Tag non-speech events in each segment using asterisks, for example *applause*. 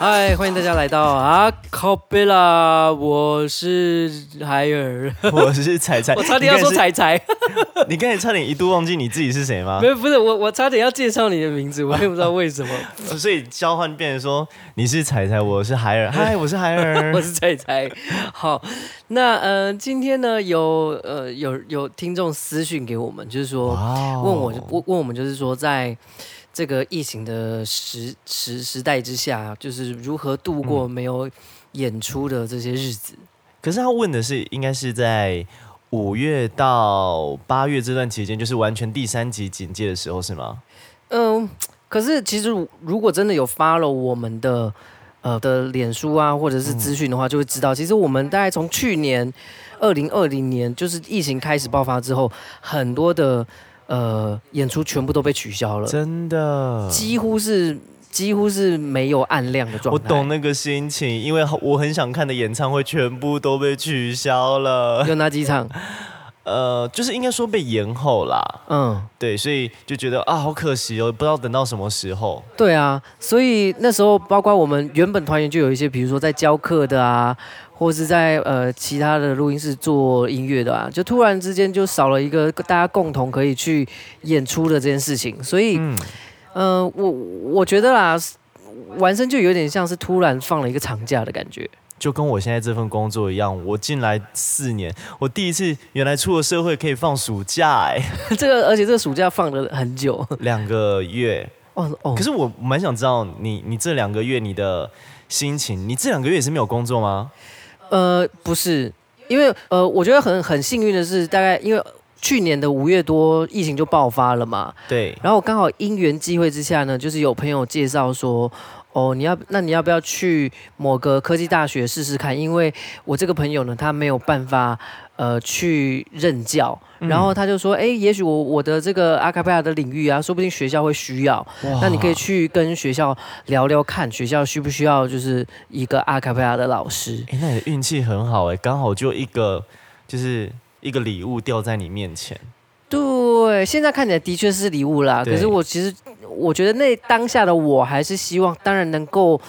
嗨，歡迎大家來到阿卡貝拉，我是孩兒，我是彩彩， *laughs* 我差點要說彩彩，你剛才， *laughs* 才差點一度忘記你自己是誰嗎？ *laughs* 不是不是我，我差點要介紹你的名字，我也不知道為什麼， *laughs* 所以交換變成說你是彩彩，我是孩兒，嗨，我是孩兒， *laughs* 我是彩彩。好，那呃，今天呢，有呃有有聽眾私訊給我們，就是說、wow. 問我問我們，就是說在。這個疫情的時時時代之下，就是如何度過沒有演出的這些日子。嗯、可是他問的是，應該是在五月到八月這段期間，就是完全第三級警戒的時候，是嗎？嗯，可是其實如果真的有 follow 我們的呃的臉書啊，或者是資訊的話，就會知道、嗯，其實我們大概從去年二零二零年，就是疫情開始爆發之後，嗯、很多的。呃，演出全部都被取消了，真的，幾乎是幾乎是沒有案量的狀態。我懂那個心情，因為我很想看的演唱會全部都被取消了，有哪幾場？ *laughs* 呃，就是應該說被延後啦，嗯，對，所以就覺得啊，好可惜哦，不知道等到什麼時候。對啊，所以那時候，包括我們原本團員就有一些，比如說在教課的啊，或是在呃其他的錄音室做音樂的啊，就突然之間就少了一個大家共同可以去演出的這件事情，所以，嗯，呃、我我覺得啦，完勝就有點像是突然放了一個長假的感覺。就跟我現在這份工作一樣，我進來四年，我第一次原來出了社會可以放暑假，欸，哎， *laughs* 這個而且這個暑假放了很久，兩 *laughs* 個月。哦哦。可是我蠻想知道你，你這兩個月你的心情，你這兩個月也是沒有工作嗎？呃，不是，因為呃，我覺得很很幸運的是，大概因為去年的五月多疫情就爆發了嘛，對。然後剛好因緣際會之下呢，就是有朋友介紹說。哦、oh，你要，那你要不要去某個科技大學試試看？因為我這個朋友呢，他沒有辦法呃去任教、嗯，然後他就說，哎，也許我我的這個阿卡貝拉的領域啊，說不定學校會需要。那你可以去跟學校聊聊看，學校需不需要就是一個阿卡貝拉的老師？哎，那你的運氣很好哎、欸，剛好就一個就是一個禮物掉在你面前。對，現在看起來的確是禮物啦，可是我其實。我覺得那當下的我還是希望，當然能夠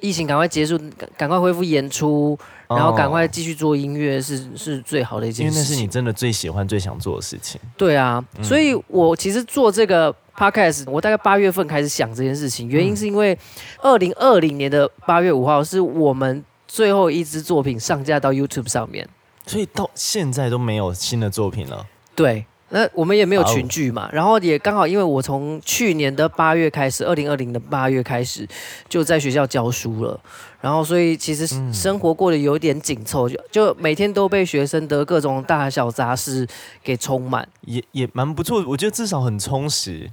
疫情趕快結束，趕快恢復演出，哦、然後趕快繼續做音樂是是最好的一件事情，因為那是你真的最喜歡、最想做的事情。對啊，嗯、所以我其實做這個 podcast，我大概八月份開始想這件事情，原因是因為二零二零年的八月五號是我們最後一支作品上架到 YouTube 上面，所以到現在都沒有新的作品了。對。那我們也沒有群聚嘛，然後也剛好，因為我從去年的八月開始，二零二零的八月開始就在學校教書了，然後所以其實生活過得有點緊湊，嗯、就就每天都被學生的各種大小雜事給充滿。也也蠻不錯，我覺得至少很充實。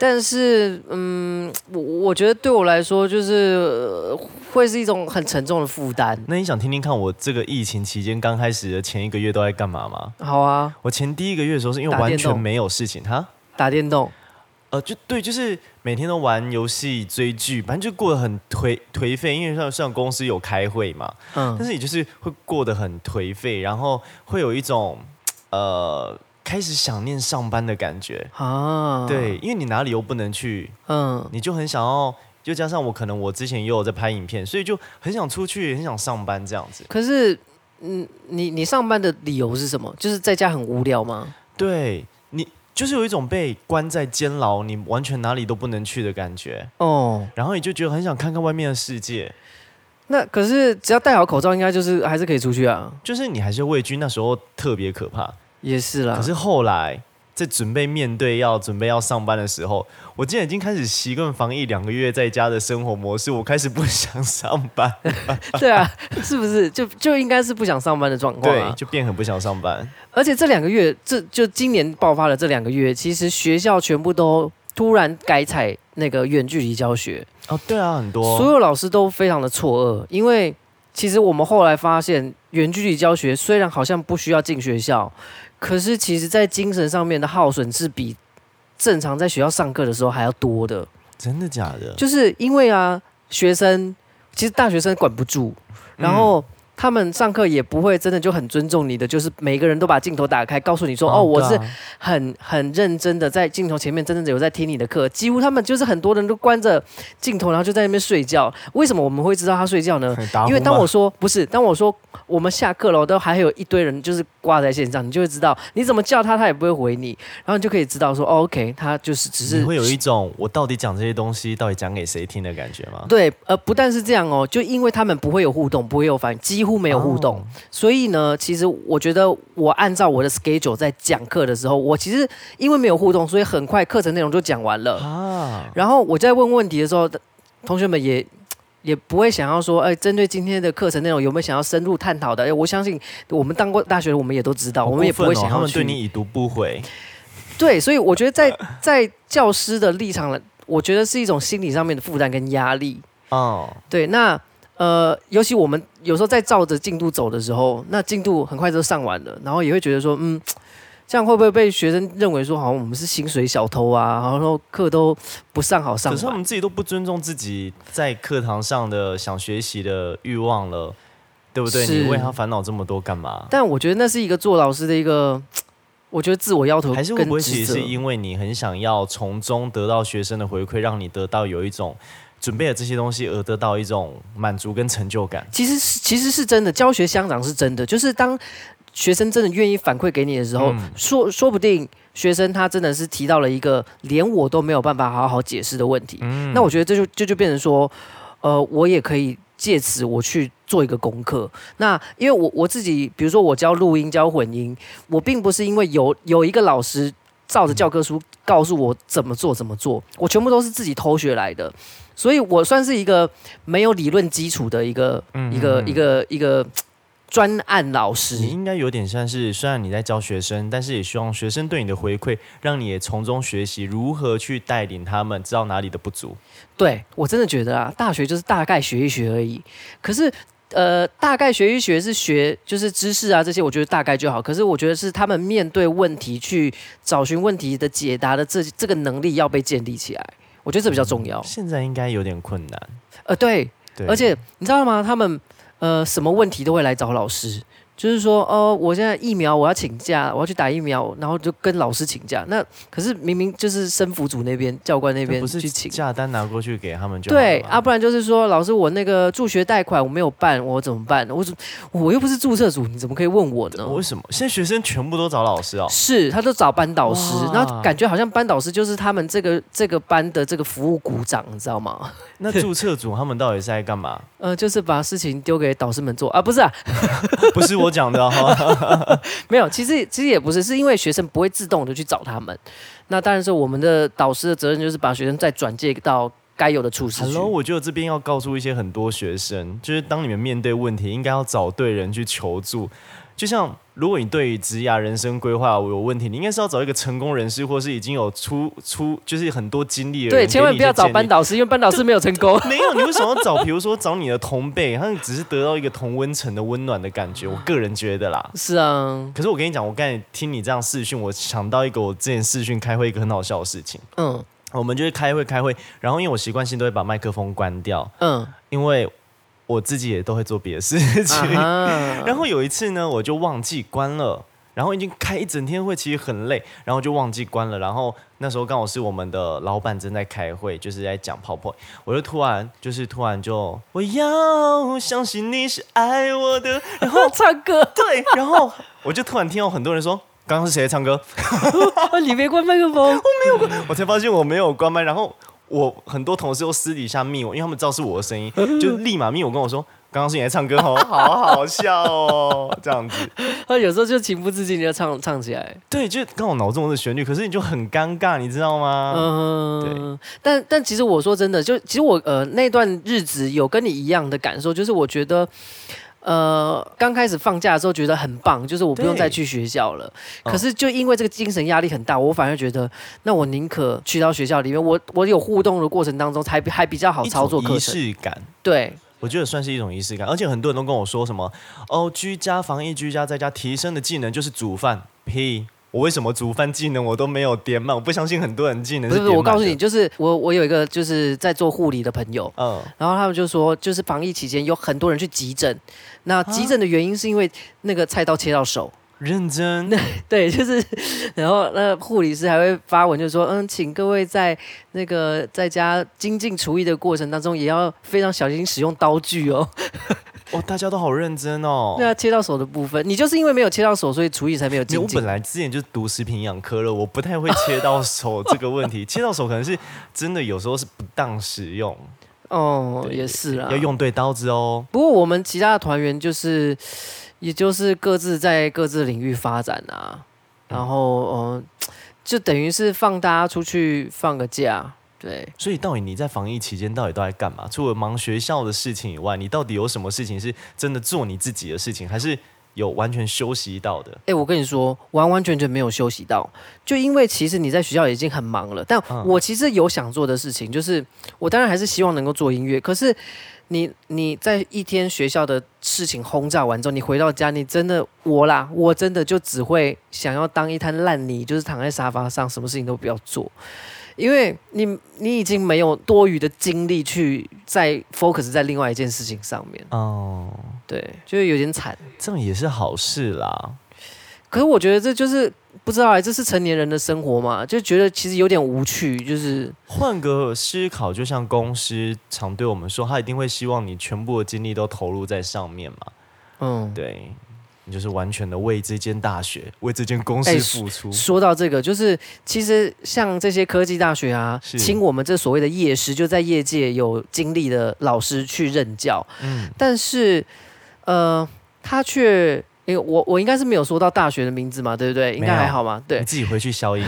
但是，嗯，我我覺得對我來說，就是會是一種很沉重的負擔。那你想聽聽看，我這個疫情期間剛開始的前一個月都在幹嘛嗎？好啊，我前第一個月的時候，是因為完全沒有事情，哈，打電動。呃，就對，就是每天都玩遊戲、追劇，反正就過得很頹頹廢。因為像像公司有開會嘛，嗯，但是你就是會過得很頹廢，然後會有一種呃。開始想念上班的感覺啊！對，因為你哪裡又不能去，嗯，你就很想要，就加上我可能我之前也有在拍影片，所以就很想出去，很想上班這樣子。可是，嗯，你你上班的理由是什麼？就是在家很無聊嗎？對，你就是有一種被關在監牢，你完全哪裡都不能去的感覺哦。然後你就覺得很想看看外面的世界。那可是只要戴好口罩，應該就是還是可以出去啊。就是你還是畏懼，那時候特別可怕。也是啦。可是後來在準備面對要準備要上班的時候，我竟然已經開始習慣防疫兩個月在家的生活模式，我開始不想上班。 *laughs* 對啊，是不是？就就應該是不想上班的狀況啊，對，就變很不想上班。 *laughs* 而且這兩個月，這就今年爆發了這兩個月，其實學校全部都突然改採那個遠距離教學啊，哦。對啊，很多所有老師都非常的錯愕，因為其實我們後來發現，遠距離教學雖然好像不需要進學校。可是，其實，在精神上面的耗損是比正常在學校上課的時候還要多的。真的假的？就是因為啊，學生，其實大學生管不住，然後。嗯他們上課也不會真的就很尊重你的，就是每個人都把鏡頭打開，告訴你說：“ oh、哦，我是很很認真的在鏡頭前面，真正有在聽你的課。”幾乎他們就是很多人都關着鏡頭，然後就在那邊睡覺。為什麼我們會知道他睡覺呢？因為當我說不是，當我說我們下課了，都還有一堆人就是掛在線上，你就會知道你怎麼叫他，他也不會回你，然後你就可以知道說、哦、：“OK，他就是只是。”你會有一種我到底講這些東西到底講給誰聽的感覺嗎？對，呃，不但是這樣哦，就因為他們不會有互動，不會有反應，幾乎。幾乎沒有互動，oh. 所以呢，其實我覺得我按照我的 schedule 在講課的時候，我其實因為沒有互動，所以很快課程內容就講完了啊。Oh. 然後我在問問題的時候，同學們也也不會想要說，哎，針對今天的課程內容，有沒有想要深入探討的？哎，我相信我們當過大學的，我們也都知道、哦，我們也不會想要去他們對你已讀不回。對，所以我覺得在在教師的立場，我覺得是一種心理上面的負擔跟壓力。哦、oh.，對，那。呃，尤其我們有時候在照着進度走的時候，那進度很快就上完了，然後也會覺得說，嗯，這樣會不會被學生認為說，好像我們是薪水小偷啊？然後說課都不上好上。可是他們自己都不尊重自己在課堂上的想學習的慾望了，對不對？你為他煩惱這麼多幹嘛？但我覺得那是一個做老師的一個，我覺得自我要求還是問題。是因為你很想要從中得到學生的回饋，讓你得到有一種。準備了這些東西而得到一種滿足跟成就感，其實，其實是真的。教學相長是真的，就是當學生真的願意反饋給你的時候，嗯，說，說不定學生他真的是提到了一個連我都沒有辦法好好解釋的問題，嗯。那我覺得這就這就，就變成說，呃，我也可以借此我去做一個功課。那因為我我自己，比如說我教錄音、教混音，我並不是因為有有一個老師照着教科書告訴我怎麼做怎麼做，我全部都是自己偷學來的。所以我算是一個沒有理論基礎的一個、嗯、哼哼一個一個一個專案老師。你應該有點像是，雖然你在教學生，但是也希望學生對你的回饋，讓你也從中學習如何去帶領他們，知道哪裡的不足。對，我真的覺得啊，大學就是大概學一學而已。可是呃，大概學一學是學就是知識啊這些，我覺得大概就好。可是我覺得是他們面對問題去找尋問題的解答的這這個能力要被建立起來。我覺得這比較重要。嗯，現在應該有點困難。呃，對，對，而且你知道嗎？他們呃，什麼問題都會來找老師。就是說，哦，我現在疫苗我要請假，我要去打疫苗，然後就跟老師請假。那可是明明就是生輔組那邊教官那邊不是去請假單拿過去給他們就，對啊，不然就是說老師，我那個助學貸款我沒有辦，我怎麼辦？我怎，我又不是註冊組，你怎麼可以問我呢？我為什麼現在學生全部都找老師啊、哦？是，他都找班導師，那感覺好像班導師就是他們這個這個班的這個服務股長，你知道嗎？那註冊組他們到底是在幹嘛？ *laughs* 呃，就是把事情丟給導師們做啊，不是啊， *laughs* 不是我。講 *laughs* 的 *laughs* 沒有，其實其實也不是，是因為學生不會自動的去找他們，那當然是我們的導師的責任，就是把學生再轉接到該有的處室。Hello，我覺得這邊要告訴一些很多學生，就是當你們面對問題，應該要找對人去求助，就像。如果你對於職涯人生規劃有問題，你應該是要找一個成功人士，或是已經有出出就是很多經歷的人。對，千萬不要找班導師，因為班導師沒有成功。沒有，你為什麼要找？ *laughs* 比如說找你的同輩，他只是得到一個同溫層的溫暖的感覺。我個人覺得啦。是啊。可是我跟你講，我剛才聽你這樣視訊，我想到一個我之前視訊開會一個很好笑的事情。嗯。我們就是開會，開會，然後因為我習慣性都會把麥克風關掉。嗯。因為。我自己也都會做別的事情，然後有一次呢，我就忘記關了，然後已經開一整天會，其實很累，然後就忘記關了，然後那時候剛好是我們的老闆正在開會，就是在講泡泡，我就突然就是突然就我要相信你是愛我的，然後唱歌，對，然後我就突然聽到很多人說，剛剛是誰在唱歌？你沒關麥克風？我沒有關，我才發現我沒有關麥，然後。我很多同事都私底下密我，因為他們知道是我的聲音，嗯，就立馬密我跟我說：“剛剛是你在唱歌 *laughs* 好好笑哦，這樣子。 *laughs* ”，他有時候就情不自禁就唱唱起來。對，就剛好腦中的旋律，可是你就很尷尬，你知道嗎？嗯，對。但但其實我說真的，就其實我呃那段日子有跟你一樣的感受，就是我覺得。呃，剛開始放假的時候覺得很棒，就是我不用再去學校了。可是就因為這個精神壓力很大，嗯，我反而覺得，那我寧可去到學校裡面，我我有互動的過程當中才，還還比較好操作。儀式感，對，我覺得算是一種儀式感。而且很多人都跟我說什麼，哦，居家防疫，居家在家提升的技能就是煮飯。P 我為什麼煮飯技能我都沒有點滿？我不相信很多人技能是不是。我告訴你，就是我我有一個就是在做護理的朋友，嗯，然後他們就說，就是防疫期間有很多人去急診，那急診的原因是因為那個菜刀切到手，認真，那對，就是，然後那護理師還會發文就說，嗯，請各位在那個在家精進廚藝的過程當中，也要非常小心使用刀具哦。 *laughs* 哦，大家都好認真哦。對啊，切到手的部分，你就是因為沒有切到手，所以廚藝才沒有進，進沒有。我本來之前就讀食品營養科了，我不太會切到手 *laughs* 這個問題，切到手可能是真的有時候是不當使用哦，也是啦，要用對刀子哦。不過我們其他的團員就是，也就是各自在各自領域發展啊，嗯、然後嗯、呃，就等於是放大家出去放個假。對，所以到底你在防疫期間到底都在幹嘛？除了忙學校的事情以外，你到底有什麼事情是真的做你自己的事情，還是有完全休息到的？哎、欸，我跟你說，完完全全沒有休息到，就因為其實你在學校已經很忙了。但我其實有想做的事情，就是、嗯、我當然還是希望能夠做音樂。可是你你在一天學校的事情轟炸完之後，你回到家，你真的我啦，我真的就只會想要當一灘爛泥，就是躺在沙發上，什麼事情都不要做。因為你你已經沒有多餘的精力去再 focus 在另外一件事情上面哦、嗯，對，就是有點慘，這樣也是好事啦。可是我覺得這就是不知道哎、啊，這是成年人的生活嘛，就覺得其實有點無趣，就是換個思考，就像公司常對我們說，他一定會希望你全部的精力都投入在上面嘛。嗯，對。就是完全的為這間大學，為這間公司付出。欸，說，說到這個，就是其實像這些科技大學啊，請我們這所謂的業師，就在業界有經歷的老師去任教。嗯，但是呃，他卻因為我我應該是沒有說到大學的名字嘛，對不對？應該還好嘛。對，你自己回去消音。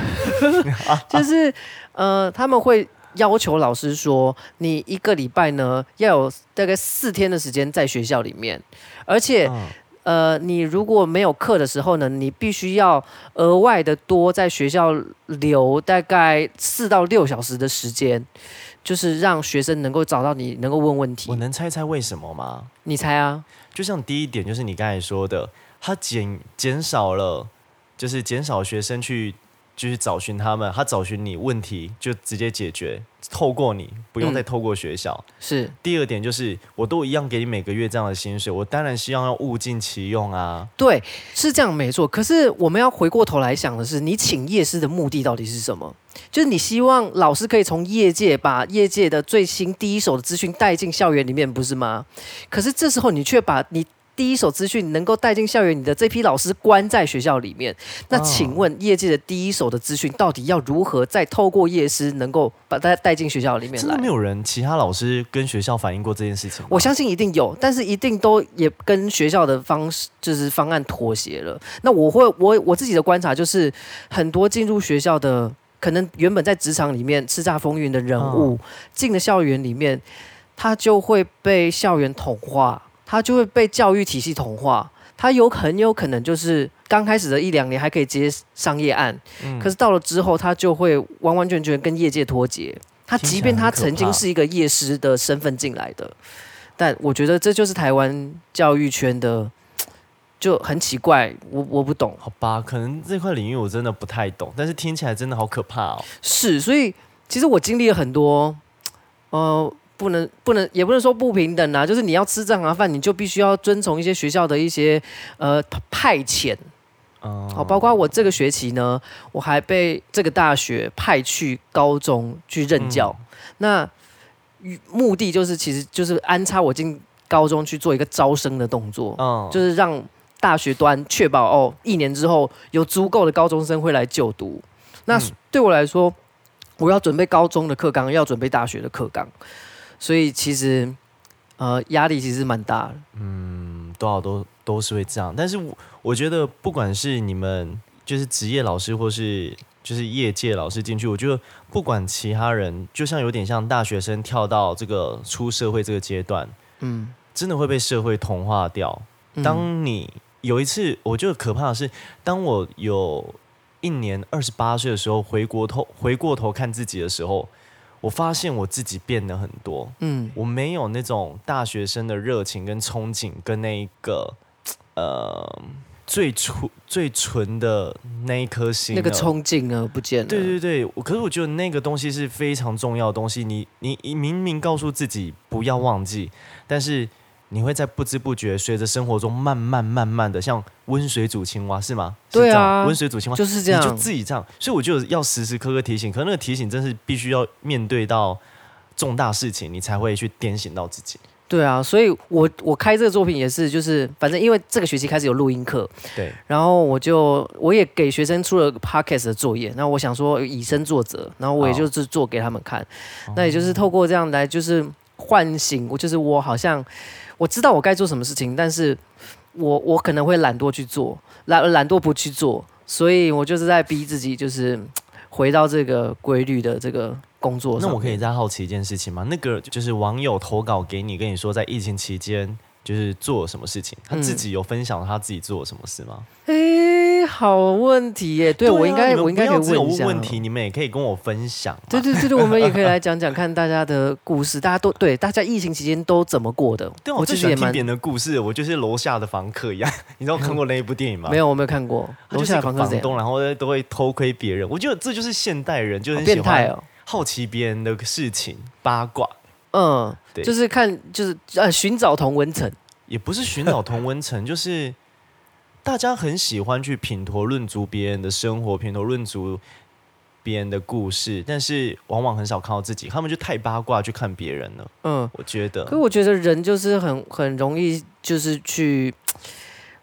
*laughs* 就是呃，他們會要求老師說，你一個禮拜呢要有大概四天的時間在學校裡面，而且。嗯呃，你如果沒有課的時候呢，你必須要額外的多在學校留大概四到六小時的時間，就是讓學生能夠找到你，能夠問問題。我能猜猜為什麼嗎？你猜啊？就像第一點，就是你剛才說的，他減減少了，就是減少學生去就是找尋他們，他找尋你問題就直接解決。透過你，不用再透過學校。嗯、是第二點，就是我都一樣給你每個月這樣的薪水，我當然希望要物盡其用啊。對，是這樣沒錯。可是我們要回過頭來想的是，你請業師的目的到底是什麼？就是你希望老師可以從業界把業界的最新第一手的資訊帶進校園裡面，不是嗎？可是這時候你卻把你。第一手資訊能夠帶進校園，你的這批老師關在學校裡面。那請問業界的第一手的資訊到底要如何再透過業師能夠把大家帶進學校裡面來？真的沒有人、其他老師跟學校反映過這件事情？我相信一定有，但是一定都也跟學校的方式就是方案妥協了。那我會，我我自己的觀察就是，很多進入學校的可能原本在職場裡面叱咤風雲的人物，哦、進了校園裡面，他就會被校園同化。他就會被教育體系同化，他有很有可能就是剛開始的一兩年還可以接商業案，嗯，可是到了之後，他就會完完全全跟業界脫節。他即便他曾經是一個業師的身份進來的，但我覺得這就是台灣教育圈的就很奇怪，我我不懂。好吧，可能這塊領域我真的不太懂，但是聽起來真的好可怕哦。是，所以其實我經歷了很多，呃。不能不能，也不能說不平等啊，就是你要吃這行飯，你就必須要遵從一些學校的一些呃派遣，哦、oh.，好，包括我這個學期呢，我還被這個大學派去高中去任教，嗯、那目的就是其實就是安插我進高中去做一個招生的動作，嗯、oh.，就是讓大學端確保哦，一年之後有足夠的高中生會來就讀，嗯。那對我來說，我要準備高中的課綱，要準備大學的課綱。所以其實，呃，壓力其實蠻大的。嗯，多少都都是會這樣。但是我，我我覺得不管是你們就是職業老師，或是就是業界老師進去，我覺得不管其他人，就像有點像大學生跳到這個出社會這個階段，嗯，真的會被社會同化掉。當你有一次，我覺得可怕的是，當我有一年二十八歲的時候回過頭，回過頭回過頭看自己的時候。我發現我自己變了很多，嗯，我沒有那種大學生的熱情跟憧憬，跟那一個呃最純最純的那一顆心，那個憧憬啊不見了。對對對，我可是我覺得那個東西是非常重要的東西，你你你明明告訴自己不要忘記，但是。你會在不知不覺，隨着生活中慢慢慢慢的，像溫水煮青蛙，是嗎？是對啊，溫水煮青蛙就是這樣，你就自己這樣。所以我就要時時刻刻提醒，可是那個提醒真的是必須要面對到重大事情，你才會去點醒到自己。對啊，所以我我開這個作品也是，就是反正因為這個學期開始有錄音課，對，然後我就我也給學生出了個 podcast 的作業，那我想說以身作則，然後我也就是做給他們看，哦、那也就是透過這樣來就是喚醒，我就是我好像。我知道我該做什麼事情，但是我我可能會懶惰去做，懶懶惰不去做，所以我就是在逼自己，就是回到這個規律的這個工作上。那我可以再好奇一件事情嗎？那個就是網友投稿給你，跟你說在疫情期間就是做什麼事情，嗯，他自己有分享他自己做什麼事嗎？欸好問題耶！對，對、啊、我應該要有問問我應該也問問題、哦、你們也可以跟我分享。對對，對對對，我們也可以來講講 *laughs* 看大家的故事。大家都對大家疫情期間都怎麼過的？對、啊、我覺得最喜歡聽別人的故事。我就是樓下的房客一樣。你知道我看過那一部電影嗎？沒有，我沒有看過。啊、樓下的房客，房東，然後都會偷窺別人。我覺得這就是現代人就是變態哦，好奇別人的事情八卦。嗯、哦，對嗯，就是看就是呃尋找同溫層，也不是尋找同溫層， *laughs* 就是。大家很喜歡去品頭論足別人的生活，品頭論足別人的故事，但是往往很少看到自己。他們就太八卦去看別人了。嗯，我覺得。可是我覺得人就是很很容易，就是去。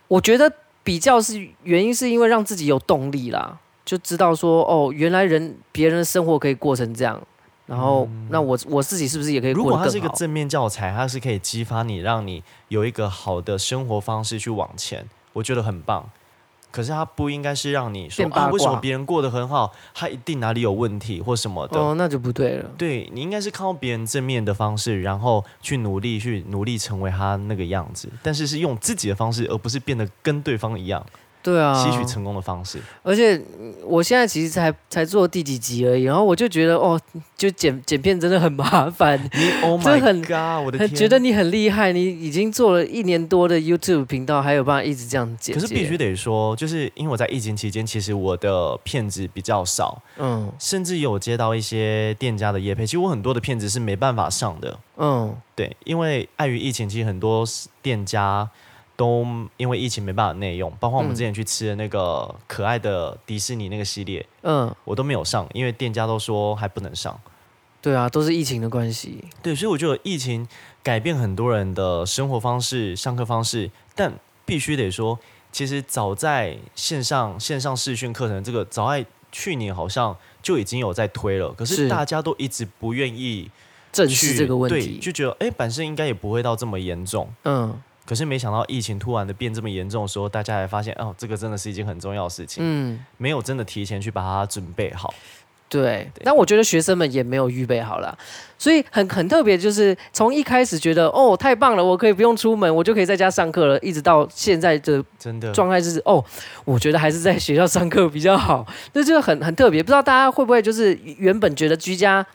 我覺得比較是原因，是因為讓自己有動力啦，就知道說哦，原來人別人的生活可以過成這樣，然後，嗯，那我我自己是不是也可以？如果他是一個正面教材，他是可以激發你，讓你有一個好的生活方式去往前。我覺得很棒，可是他不應該是讓你說、啊、為什麼別人過得很好，他一定哪裡有問題或什麼的。哦，那就不對了。對，你應該是靠別人正面的方式，然後去努力去努力成為他那個樣子，但是是用自己的方式，而不是變得跟對方一樣。對啊，吸取成功的方式。而且我現在其實才才做第幾集而已，然後我就覺得哦，就剪剪片真的很麻煩。你哦、oh、my God *laughs* 我的天，覺得你很厲害，你已經做了一年多的 YouTube 頻道，還有辦法一直這樣剪？可是必須得說，就是因為我在疫情期間，其實我的片子比較少，嗯，甚至有接到一些店家的業配，其實我很多的片子是沒辦法上的，嗯，對，因為礙於疫情，其實，很多店家。都因為疫情沒辦法內用，包括我們之前去吃的那個可愛的迪士尼那個系列，嗯，我都沒有上，因為店家都說還不能上。對啊，都是疫情的關係。對，所以我覺得疫情改變很多人的生活方式、上課方式，但必須得說，其實早在線上線上視訊課程這個早在去年好像就已經有在推了，可是大家都一直不願意正視這個問題，就覺得誒，本身應該也不會到這麼嚴重。嗯。可是沒想到疫情突然的變這麼嚴重的時候，大家才發現哦，這個真的是一件很重要的事情。嗯，沒有真的提前去把它準備好。對，但我覺得學生們也沒有預備好了，所以很很特別，就是從一開始覺得哦太棒了，我可以不用出門，我就可以在家上課了，一直到現在的狀態就是哦，我覺得還是在學校上課比較好。那這個很很特別，不知道大家會不會就是原本覺得居家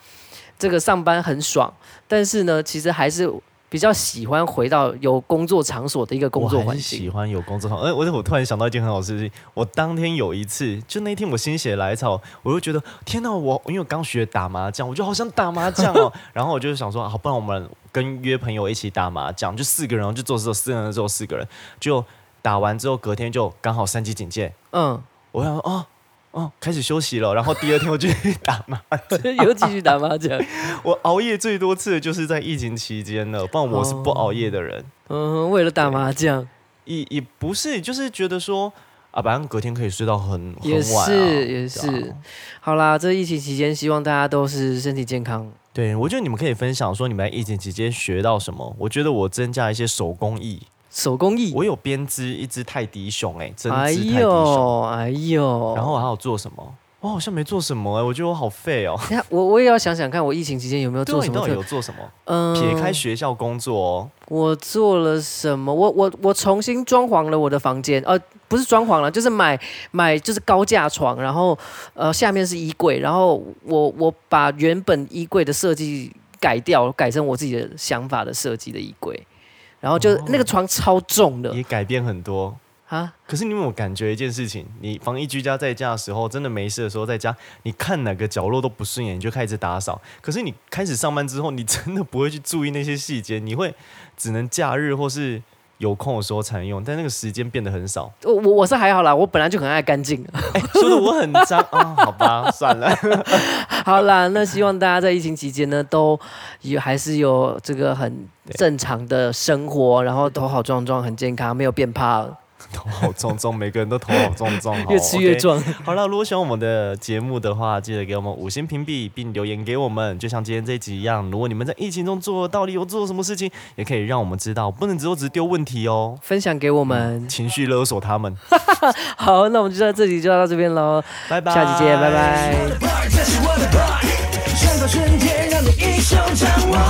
這個上班很爽，但是呢，其實還是。比較喜歡回到有工作場所的一個工作環境。我還是喜歡有工作哎，我、呃、我突然想到一件很好事情。我當天有一次，就那一天我心血來潮，我就覺得天哪、啊，我因為剛學打麻將，我就好想打麻將哦。 *laughs* 然後我就想說，好、啊，不然我們跟約朋友一起打麻將，就四個人，就坐坐四個人坐四個人，就打完之後隔天就剛好三級警戒。嗯，我想說哦。哦，開始休息了，然後第二天又繼 *laughs* 續打麻將，又繼續打麻將。我熬夜最多次的就是在疫情期間了，不然我是不熬夜的人。哦、嗯，為了打麻將，也也不是，就是覺得說啊，反正隔天可以睡到很很晚啊，也是也是，好啦，這疫情期間希望大家都是身體健康。對，我覺得你們可以分享說你們在疫情期間學到什麼。我覺得我增加一些手工藝。手工藝，我有編織一隻泰迪熊哎、欸，真的，哎呦，哎呦，然後我還有做什麼？我好像沒做什麼哎、欸，我覺得我好廢哦、喔。我我也要想想看，我疫情期間有沒有做什麼做？你到底有做什麼？嗯，撇開學校工作、喔，我做了什麼？我我我重新裝潢了我的房間，呃，不是裝潢了，就是買買就是高架床，然後呃下面是衣櫃，然後我我把原本衣櫃的設計改掉，改成我自己的想法的設計的衣櫃。然後就那個床超重的，哦，也改變很多啊。可是你有沒有感覺一件事情？你防疫居家在家的時候，真的沒事的時候在家，你看哪個角落都不順眼，你就開始打掃。可是你開始上班之後，你真的不會去注意那些細節，你會只能假日或是。有空的時候才用，但那個時間變得很少。我我是還好啦，我本來就很愛乾淨、 *laughs* 欸。說的我很髒啊、 *laughs* 哦，好吧， *laughs* 算了。 *laughs* 好啦，那希望大家在疫情期間呢，都也還是有這個很正常的生活，然後頭好壯壯，很健康，沒有變胖。頭好重重，每個人都頭好重重。 *laughs* 越吃越壯好，okay。好了，如果喜歡我們的節目的話，記得給我們五星評比並留言給我們。就像今天這集一樣，如果你們在疫情中做到底有做什麼事情，也可以讓我們知道，不能只有只丟問題哦，分享給我們。嗯、情緒勒索他們。 *laughs* 好，那我們就在這裡就到這邊嘍，拜拜，下期見，拜拜。 *music*